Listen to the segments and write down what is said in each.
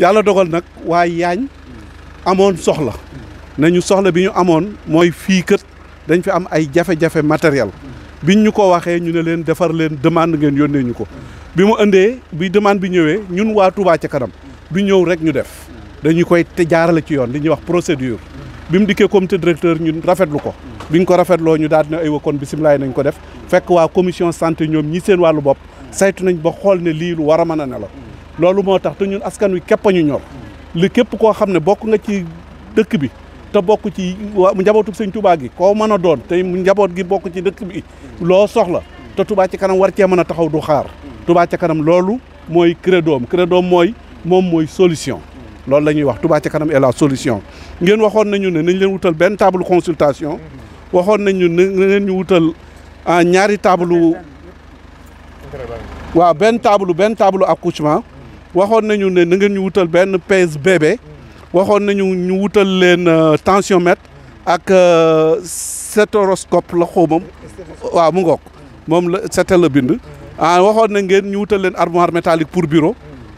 yàlla dogal nag waa yaañ amoon soxla nañu soxla bi ñu amoon mooy fii kët dañ fi am ay jafe-jafe matériel biñ ñu ko waxee ñu ne leen defar leen demande ngeen yónnee ñu ko bi mu indee bi demande bi ñëwee ñun waa Touba ca kanam bi ñëw rek ñu def dañu koy te jaarale ci yoon di ñuy wax procédure bi mu dikkee comité directeur ñun rafetlu ko bi ñu ko rafetloo ñu daal dina ay wa kon bisimilaay nañ ko def fekk waa commission sante ñoom ñi seen wàllu bopp saytu nañ ba xool ne lii lu war a mën a ne la loolu moo tax te ñun askan wi képp ñu ñor li képp koo xam ne bokk nga ci dëkk bi te bokk ci waa njabootu sëñ Touba gi ko mën a doon te njaboot gi bokk ci dëkk bi loo soxla te Touba ci kanam war cee mën a taxaw du xaar Touba ci kanam loolu mooy crédoom crédoom mooy moom mooy solution loolu la ñuy wax Touba ci kanam est la solution ngeen waxoon nañu ne nañ leen wutal benn table consultation waxoon nañu ne leen ñu wutal ah, ñaari table waaw benn table benn table accouchement waxoon nañu ne na ngeen ñu wutal benn pèse bébé waxoon nañu ñu wutal leen euh, tensiomètre ak euh, stéthoscope la xawma waaw mu ngoog moom la sete bind ah waxoon na ngeen ñu wutal leen armoire métallique pour bureau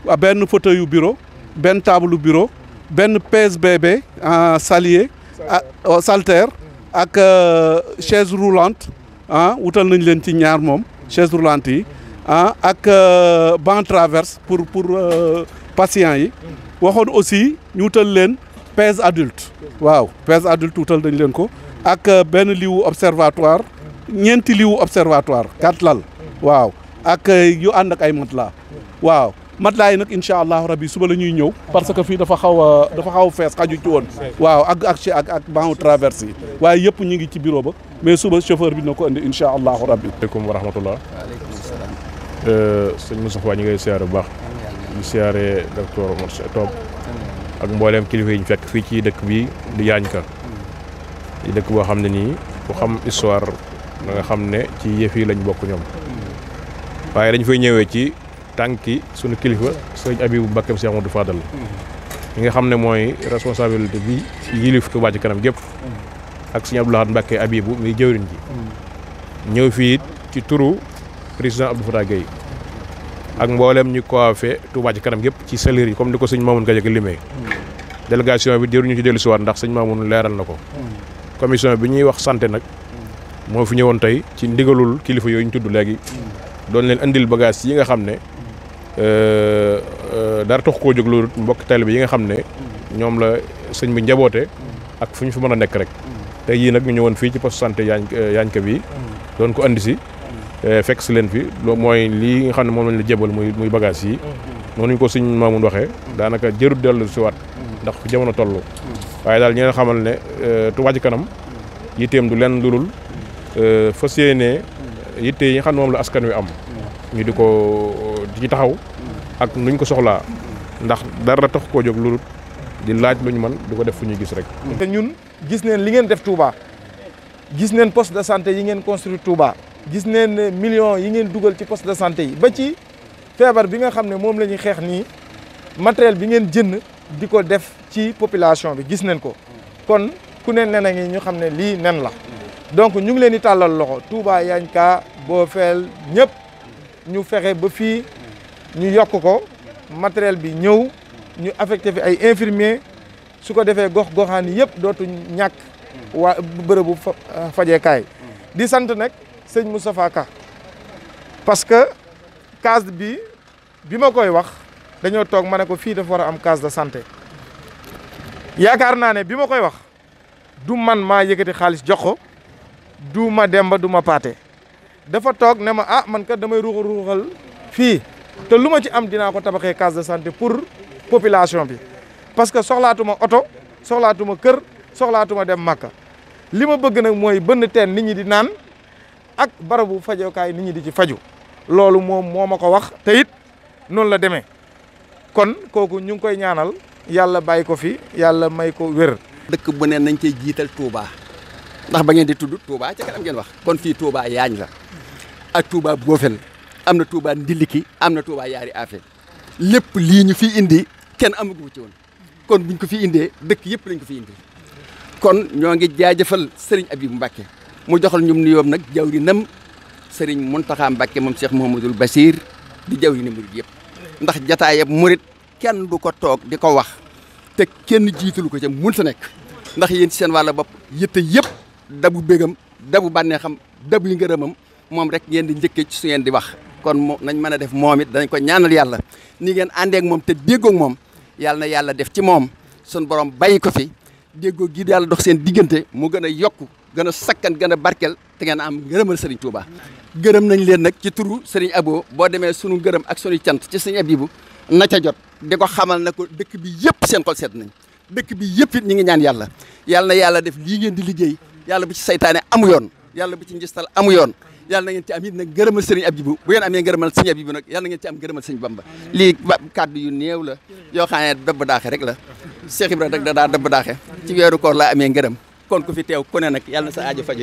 ah, benn fauteuil yu bureau benn table bureau benn pèse bébé ah, salier ah, oh, salter ak euh, chaise roulante ah wutal nañ leen ci ñaar moom chaise roulante yi ah ak euh, ban traverse pour pour euh, patients yi waxoon aussi ñu wutal leen pèse adulte waaw pèse adulte wutal dañ leen ko ak euh, benn liwu observatoire ñeenti liwu observatoire quatre lal waaw ak yu ànd ak ay matelas waaw matelas yi nag incha allahu rabi suba la ñuy ñëw parce que fii dafa xaw a dafa xaw a fees xaju ci woon waaw ak ak ak ak ban traverse yi waaye yëpp ñu ngi ci bureau ba mais suba chauffeur bi na ko indi incha allahu rabi aleykum wa rahmatullah Euh, sëñ Moussa Fall ñu ngi siyaare bu baax. di siyaare docteur Omar Sy ak mbooleem kilifa yi ñu fekk fii ci dëkk bi di yaañ ka di dëkk boo xam ne nii ku xam histoire da nga xam ne ci yëf yi lañ bokk ñoom. waaye dañ fay ñëwee ci tànki suñu kilifa sëñ Abibu Mbàkke Seex Amadu Fadal. ñi nga xam ne mooy responsabilité bi yilif Tuubaa ci kanam gépp ak sëñ Abdou Lahad Mbàkke Abibu mi jëwriñ ji ñëw fii ci turu président Abdou Fatah Gueye ak mboolem ñu coiffé Touba ci kanam yëpp ci salaire yi comme ni ko sëñ Mamoun Gadiaga limee délégation bi jëruñu ci dellu siwaat ndax sëñ Mamoun leeral na ko commission bi ñuy wax santé nag moo fi ñëwoon tey ci ndigalul kilifa yooyu ñu tudd léegi doon leen indil bagage yi nga xam ne euh, euh, dara tax koo jóg loolu mbokk taalibe yi nga xam ne ñoom la sëñ bi njaboote ak fu ñu fi mën a nekk rek te yii nag ñu ñëwoon fii ci post santé yaañ euh, yaañ ka bi doon ko indi si Eh, fekk si leen fi loolu mooy lii nga xam ne moom lañ la jébal muy muy bagage yi noonu ñu ko suñ maamun waxee daanaka jërut dellu si waat ndax fi jamono toll waaye daal ñi xamal ne eh, Touba Ca Kanam yitteem du leen lenn lulul eh, fas yéenee yitte yi xam ne moom la askan wi am ñu di ko di taxaw ak nuñ ko soxla ndax dara tax koo jóg lulut di laaj luñ man du ko def fu ñu gis rek. te ñun gis neen li ngeen def Touba gis neen poste de santé yi ngeen construit Touba. gis neen ne millions yi ngeen dugal ci poste de santé yi ba ci feebar bi nga xam ne moom la ñuy xeex nii matériel bi ngeen jënd di ko def ci population bi gis neen ko kon ku ne nen a ngi ñu xam ne lii nen la donc ñu ngi leen di tàllal loxo Touba kaa boo feel ñëpp ñu fexe ba fii ñu yokk ko matériel bi ñëw ñu affecté fi ay infirmier su ko defee gox goxaan yëpp dootu ñàkk waa bërëbu fajeekaay di sant nag sëñ Moustapha Ka parce que case bi bi ma koy wax dañoo toog ma ne ko fii dafa war a am case de santé yaakaar naa ne bi ma koy wax du man maa yëkkati xaalis jox ko du ma ba du ma paate dafa toog ne ma ah man ka damay ruuxa ruuxal fii te lu ma ci am dinaa ko tabaxee case de santé pour population bi parce que soxlaatuma oto soxlaatuma kër soxlaatuma dem màkka li ma bëgg nag mooy bënn teen nit ñi di naan ak barabu fajokaay nit ñi di ci faju loolu moom moo ma ko wax te it noonu la demee kon kooku ñu ngi koy ñaanal yàlla bàyyi ko fi yàlla may ko wér. dëkk bu ne nañ cey jiital Touba ndax ba ngeen di tudd Touba ca kanam ngeen wax kon fii Touba yaañ la ak Touba Boofel am na Touba Ndiliki am na Touba Yaari Afe lépp lii ñu fi indi kenn amagu ci woon kon buñ ko fi indee dëkk yëpp lañ ko fi indi kon ñoo ngi jaajëfal Serigne Abib Mbacke. mu joxal ñum nuyoom nag jaw ji nam sëriñ Muntaxa Mbàkke moom Cheikh Mouhamadul Basir di jaw ji ne murit yëpp ndax jataayab murit kenn du ko toog di ko wax te kenn jiitalu ko ca mun sa nekk ndax yéen ci seen wàlla bopp yëtte yëpp dabu bégam dabu bànneexam dabuy ngërëmam moom rek ngeen di njëkkee ci su ngeen di wax kon moom nañ mën a def moom it dañ ko ñaanal yàlla nii ngeen àndee moom te déggoo moom yàlla na yàlla def ci moom sun borom bàyyi ko fi yàlla dox seen diggante mu gën a yokk gën a sakkan gën a barkeel te ngeen am ngërëmal Serigne Touba. gërëm nañ leen nag ci turu Serigne Abo boo demee sunu gërëm ak sunu cant ci Serigne Abibou na ca jot de ko xamal na ko dëkk bi yëpp sen xol set nañ dëkk bi yëpp it ñu ngi ñaan yàlla yàlla yàlla def lii ngeen di liggéey yàlla bu ci saytaane amu yoon yalla bu ci njistal amu yoon yàlla na ngeen ci am it nag gërëmal Serigne Abibou bu ngeen amee ngërëmal Serigne Abibou nag yàlla na ngeen ci am gërëmal Serigne Bamba lii kàddu yu néew la yoo xam ne dëbb daaxe rek la Cheikh Ibrahima rek da daa dëbb daaxe ci weeru koor la amee ngërëm kon ku fi teew ku ne nag yàlla na sa aajo faju